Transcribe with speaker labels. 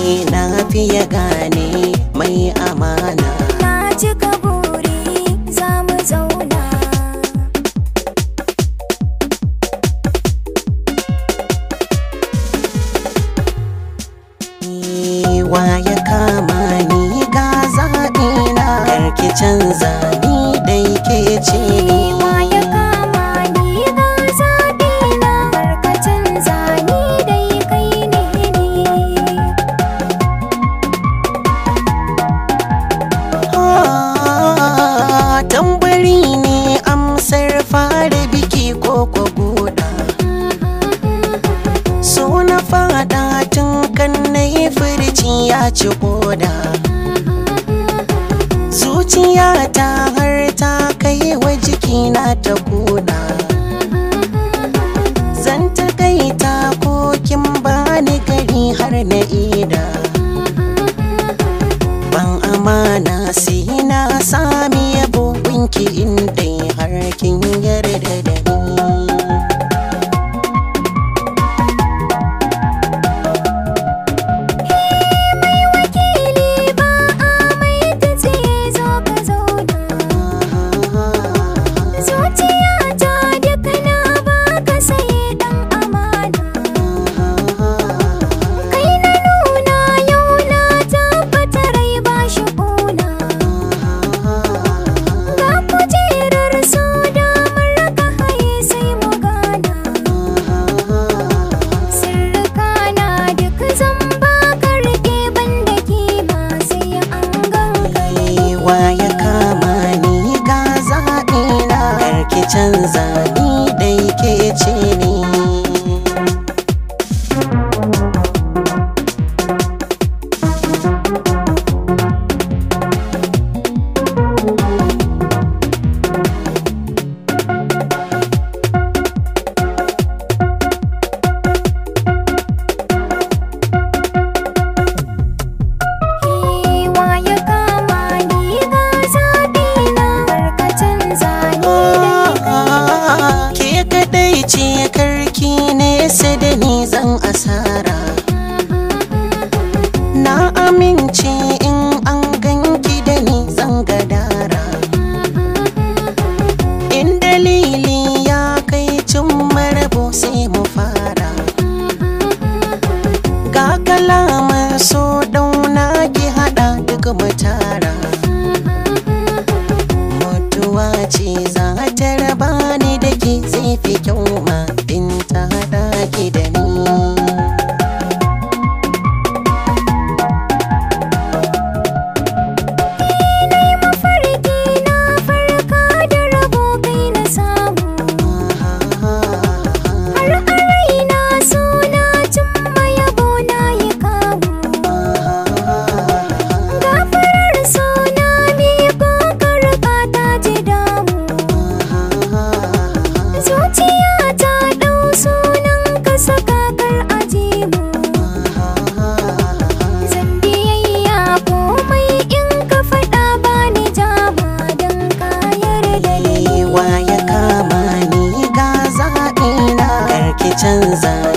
Speaker 1: ni na ya gane mai amana na ci kaburi za mu zauna wa ya kama ni ga na karki canza ya ci koda zuciyata wa ya kama ni ga zaɓina karki canza ni na amince in an ganki da ni zan gadara in dalili ya kai cin marabo sai mu fara ga kalamar so dauna ki hada duk tara, mutuwa ce za ta raba ni da ke zai fi kyau 撑伞。